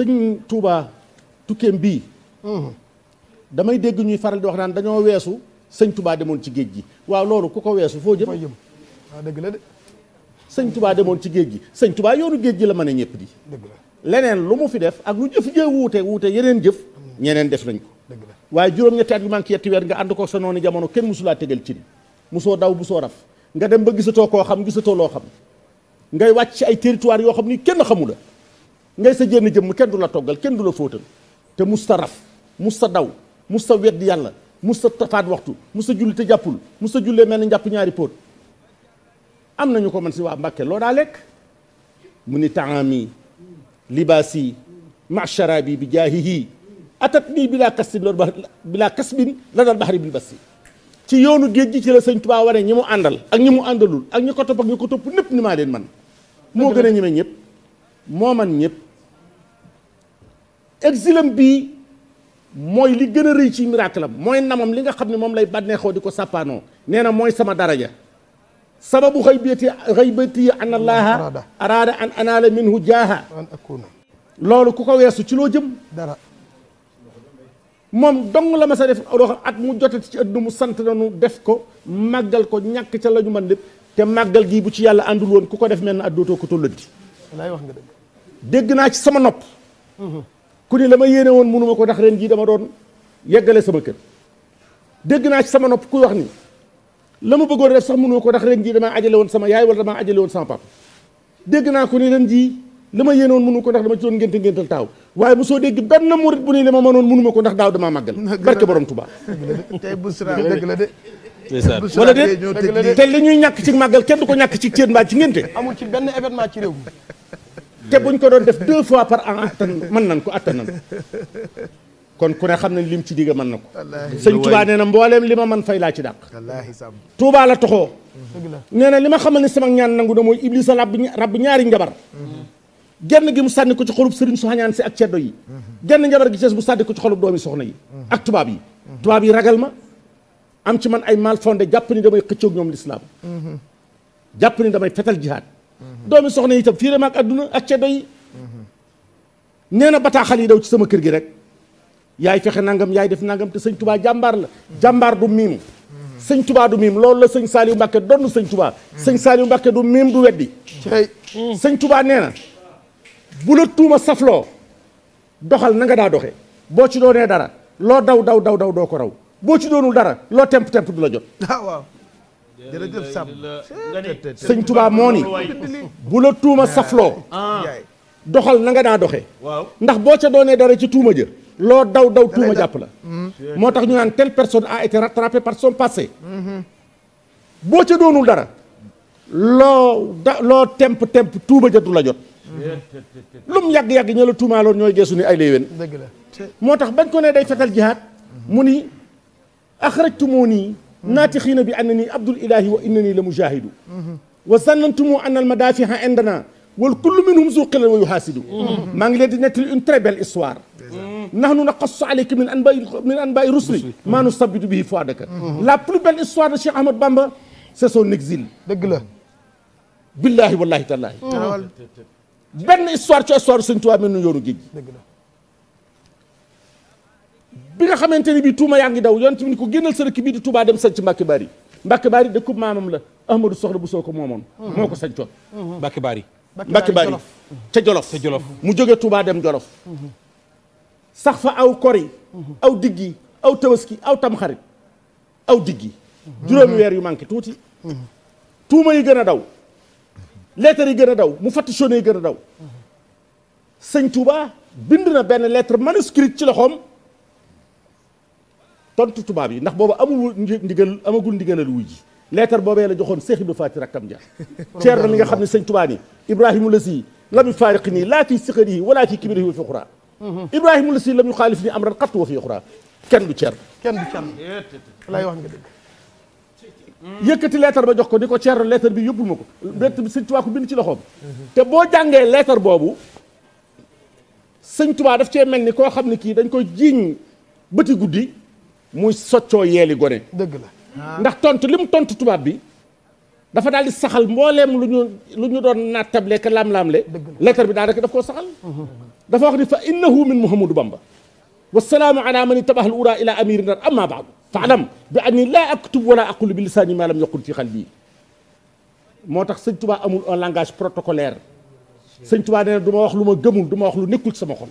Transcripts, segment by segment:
sëñ tuubaa tukkeem bii. damay dégg ñuy faral di wax naan dañoo weesu sëñ Touba demoon ci géej gi waaw loolu ku ko weesu foo jëm. jëm waaw ah, dëgg la de. sëñ Touba demoon ci géej gi sëñ Touba yoonu géej gi la mën a ñëpp di. dëgg la leneen lu mu fi def ak lu jëf jee wuute wuute yeneen jëf. ñeneen def nañ ko. dëgg la waaye juróom-ñetti at yu manqué yetti weer nga ànd ko sa noonu jamono kenn musulaa tegal cin ni musoo daw bu soo raf nga dem ba gisatoo koo xam gisatoo loo xam ngay wàcc ci ay territoire yoo xam ni kenn xamu la ngay sa jénn jëmm kenn du la toggal kenn du la fóotal te mus ta raf mus sa daw mus ta weddi yàlla mus ta faat waxtu mus ta julli jàppul mus sa jullee mel ni njàpp ñaari póot am nañu ko man si waa Mbàkke loo daa lekk mu ni taami libaasi masharabi bi jaahihi atat nii bilaa kasbin loolu ba bilaa kasbin la dal baxari bil basi ci yoonu géej gi ci la sëñ Tuubaa wane ñi mu àndal ak ñi mu àndalul ak ñi ko topp ak ñi ko topp népp ni maa leen man moo gën a ñeme ñëpp moo man ñëpp exilam bi moy li gëna reuy ci miracle moy namam li nga xamni mom lay badne xoo diko sapano nee moy sama daraja sababu xaybati xaybati an allah arada an anala minhu an akuna lolu kuko wessu ci lo jëm dara mom dong la ma sa def loo xam at mu jotati ci addu mu sant nañu def ko magal ko ñak ci lañu man mën lépp te magal gi bu ci yàlla àndul won kuko def mel na at ko ko tollanti. lay wax nga deug na ci sama nopp. ku ni la ma yéene woon mënuma ko ndax ren jii dama doon yeggale sama kër dégg naa ci sama nopp ku wax ni la ma bëggoon def sax mënuma ko ndax ren jii damaa ajale woon sama yaay wala damaa ajale woon sama papa dégg naa ku ni ren jii la ma yéene woon mënu ko ndax dama ci doon ngénte ngéntal taaw waaye bu soo dégg benn murit bu ni la ma ko ndax daaw damaa màggal barke borom Tuubaa tey busra dëgg la de wala te li ñuy ñàkk ci màggal kenn du ko ñàkk ci céet mbaa ci ngénte amul ci benn événement ci te buñ ko doon def deux fois par an attan mën nañ ko attan nañ kon ku ne xam ne lim ci digg mën na ko sëñ Tuubaa nee na mbooleem li ma man fay laa ci dàq Tuubaa la toxoo nee na li ma xamal ne sama ñaan nangu na mooy Iblisa rab rab ñaari njabar genn gi mu sànni ko ci xolub sëriñ su xañaan si ak ceddo yi genn njabar gi cees mu sànni ko ci xolub doomi soxna yi ak tubaab yi tubaab yi ragal ma am ci man ay mal fondé jàpp ni damay xëccoog ñoom lislaam mhm. jàpp ni damay fetal jihaad doomi soxna itam fii rek ak adduna ak ceddo yi nee na bataaxal yi daw ci sama kër gi rek yaay fexe nangam yaay def nangam te sëñ tubaa jàmbaar la jàmbaar du miim sëñ tubaa du miim loolu la sëñ Saliou Mbacke donn sëñ tubaa sëñ Saliou Mbacke du miim du weddi sëñ tubaa nee na bu la tuuma safloo doxal na nga daa doxe boo ci doonee dara loo daw daw daw daw doo ko raw boo ci doonul dara loo temp temp du la jot ah, jërëjëf Samb sëñ Touba moo ni bu la tuuma safloo doxal na nga daa doxee ndax boo ca doonee dara ci tuuma jë loo daw daw tuuma jàpp la moo tax ñu naan telle personne a été rattrapée par son passé boo ca doonul dara loo da loo temp temp tuuma jë du la jot lum yàgg-yàgg ña la tuumaaloon ñooy geesu ni ay léewén la moo tax bañ ko ne day fetal jihaat mu ni axrajtumoo nii ناتخين بأنني عبد الإله وإنني لمجاهد وظننتم أن المدافع عندنا والكل منهم ذو قلل ويحاسد ما نجلد نتل une très belle histoire نحن نقص عليك من أنباء من أنباء رسل ما نثبت به فؤادك la plus belle histoire de Cheikh Ahmed Bamba c'est son exil dëgg la billahi wallahi tallahi benn histoire ci histoire Sëñ Tuubaa mel ni yoonu géej dëgg la bi nga xamante ni bii tuuma yaa ngi daw yonent bi ni ko génnal sa dëkk bii di Touba dem sañ ci Mbacke Bari Mbacke Bari dëkkub maamam la Ahmadou Soxna bu soo ko moomoon mm-hmm. moo ko sañcoon mm-hmm. Mbacke Bari Mbacke Bari ca Jolof ca Jolof mm-hmm. mu jógee Touba dem Jolof sax fa aw kori aw diggi aw tabaski aw tamxarit aw diggi juróomi weer yu manqué tuuti tuuma yi gën a daw lettre yi gën a daw mu fatt sonné yi gën a daw sëñ Touba bind na benn lettre manuscrite ci loxoom tontu tuba bi ndax bobu amul ndigal amagul ndigalal wuy lettre bobé la joxone cheikh ibou Faati rakkam ja cher na nga xamni seigne sëñ ni ibrahim lasi lam yu la fi laa fii siqarihi wala fii kibirihi wa fi xuraa ibrahim lasi lam yukhalifni amran qat wa fi xuraa ken du cher ken du ceerno lay wax nga deug yëkkati lettre ba jox ko diko cher lettre bi yobul mako ko bi seigne tubaa ko bind ci loxom te bo jangé lettre bobu seigne tubaa daf ci melni ko xamni ki dañ ko jign beuti guddi muy soccoo yeeli gone. dëgg la ndax tontu li mu tontu tubaab bi dafa daal di saxal mbooleem lu ñu lu ñu doon naat table ka laam-laamle. dëgg la lettre bi daanaka daf koo saxal. dafa wax ni fa innahu min Muhammadu Bamba. wasalaamu ala man ittabaha al ura ila amiri nar amma baadu faalam bi anni laa aktub wala aqulu bi lisaani ma lam yaqul fi qalbi moo tax sëñ Tuubaa amul un langage protocolaire sëñ Tuubaa nee na du ma wax lu ma gëmul du ma wax lu nekkul sama xol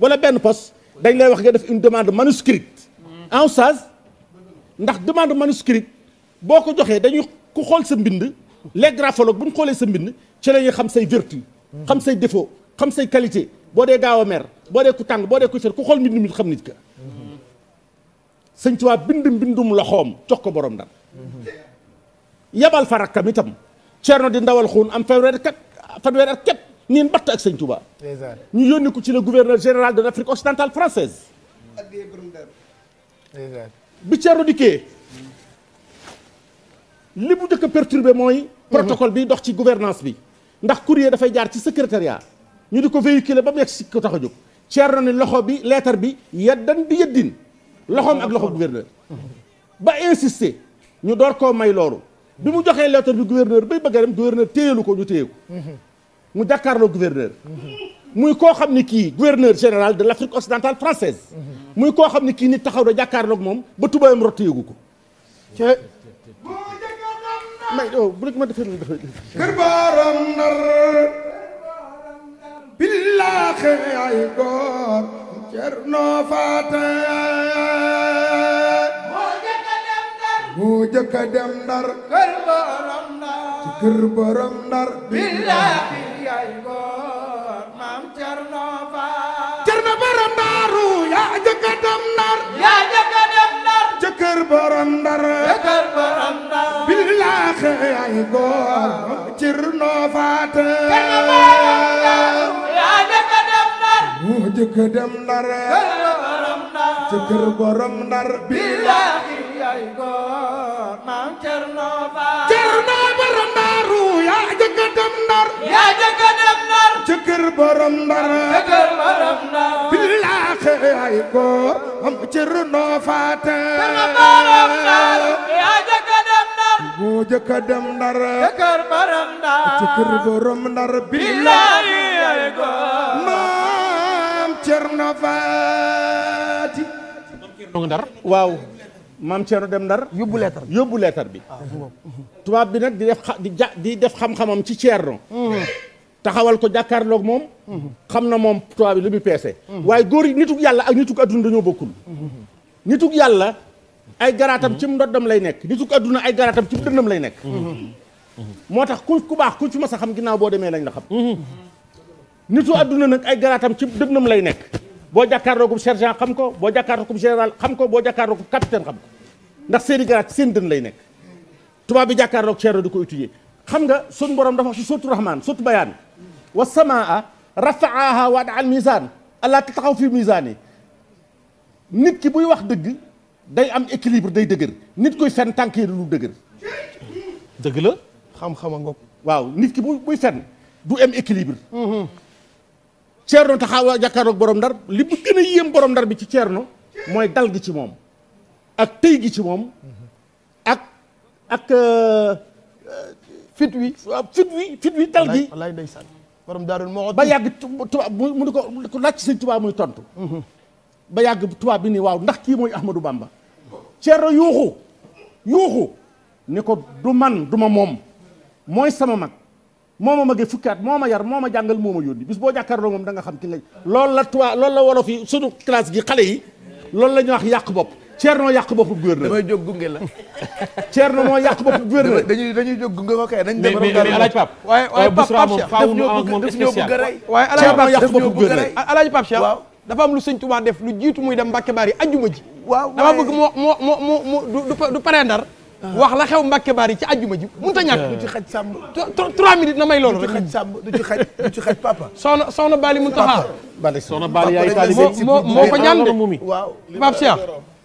ولا بين بوس داي لا واخ داف اون دوموند مانوسكريبت ان ساز ناخ دوموند مانوسكريبت بوكو جوخي داي كو خول سا مبند لي غرافولوك بون خولي سا مبند تي لا ني خام ساي فيرتو خام ساي ديفو خام ساي كاليتي بو دي غاو مير بو دي كو تان بو دي كو سير كو خول مبند مبند خام نيت كا سيغ توا بند مبندوم لوخوم توك بوروم دا يابال فاركا ميتام تيرنو دي نداول خون ام فيرر كات فدوير كات neen batt ak sañ Touba. ñu yónni ko ci le gouverneur général de l' Afrique occidentale française. bi Thierno dikkee li mu njëkk a perturbé mooy. protocole bi dox ci gouvernance bi. ndax courrier dafay jaar ci secrétariat ñu di ko véhiculer ba mu yegg si ko tax a jóg. Thierno ni loxo bi lettre bi yeddan bi yeddin loxoom ak loxo gouverneur. ba insister ñu door koo may loolu. bi mu joxee lettre bi gouverneur bay bëgg a dem gouverneur téyelu ko ñu téye ko. mu jàkkaarloo gouverneur muy koo xam ni kii gouverneur général de l' occidentale française muy koo xam ni kii nit taxaw da jàkkaarloog moom ba tubaayam rott yëgu ko may o oh, bu ma kër baaram nar billaaxe ay góor cerno ndar kër baaram ndar ndar billaaxe yaay góor maam Daaru yaa jëkka dem Ndar yaa jëkka dem Ndar jëkkër borom Ndar jëkkër borom yaa jëkka dem Ndar moo jëkka dem Ndar jëkkër borom Ndar billaax yaay góor borom ndar dëgër borom ndar billaaxe ay góor dem ndar moo ci maam cër noo dem ndar yóbbu leetar bi ah, tubaab bi nag di def xam-xamam ci Thierno hmm. taxawal ko jàkkaarloog moom. xam na moom tubaab bi lu muy peese. waaye góor yi nitug yàlla ak nitug adduna dañoo bokkul. nitug yàlla ay garaatam cim ndoddam lay nekk nitug adduna ay garaatam cim dënnam lay nekk. moo tax ku ku baax ku ci mas a xam ginnaaw boo demee lañ la xam. nitu adduna nag ay garaatam cim dënnam lay nekk. boo jàkkaarloogum sergent xam ko boo jàkkaarloogum général xam ko boo jàkkaarloogum capitaine xam ko ndax seeni garaat seen dën lay nekk. tubaab bi jàkkaarloog ceero di ko xam nga sunu borom dafa wax ci sotu rahmaan sotu bayaan. والسماء رفعها وضع الميزان الا تقعوا في ميزاني نيت كي بوي واخ دغ داي ام اكيليبر داي دغر نيت كوي فن تانكي لو دغر دغ لا خام خام غوك واو نيت كي بوي فن دو ام اكيليبر تيرنو تخاوا جاكارو بروم دار لي بو كنا ييم بروم دار بي تي تيرنو موي دالغ تي موم اك تاي جي تي موم اك اك آه، فيتوي فيتوي فيتوي دالغي والله ديسان borom daarul moo ba yàgg tubaab mu ni ko laaj sëñ tubaab muy tontu. Mhm. ba yàgg tubaab bi ni waaw ndax kii mooy Ahmadou Bamba. Ceerno yuuxu yuuxu ni ko du man du ma moom mooy sama mag moo ma magee fukki at moo ma yar moo ma jàngal moo ma yónni bis boo jàkkaarloo moom da nga xam ki nga. loolu la tubaab lool la wolof yi sunu classe gi xale yi loolu la ñuy yàq bopp. Thierno yàq boppu gouverneur damay jóg gunge la. Thierno moo yàq boppu gouverneur dañuy dañuy jóg gunge ko kay dañ dem mais mais Alaaji Pape. waaye waaye euh, Pape Cheikh daf ñoo bëgg daf ñoo bëgg a rey. waaye Alaaji Pape Cheikh daf ñoo bëgg a rey Alaaji Pape Cheikh. waaw dafa am lu sëñ Touba def lu jiitu muy dem Mbacke Bari ajjuma ji. waaw dama bëgg moo moo moo moo du du paree ndar. Ah. wax la xew Mbacke Bari ci ajjuma ji mënut a ñàkk. du ci xaj sàmm. trois minutes na may loolu rek. du ci xaj sàmm du ci xaj du ci xaj papa. soxna soxna Bali Muntaxa. Bali soxna Bali yaay taalibe moo ko ñaan de. waaw Pape Cheikh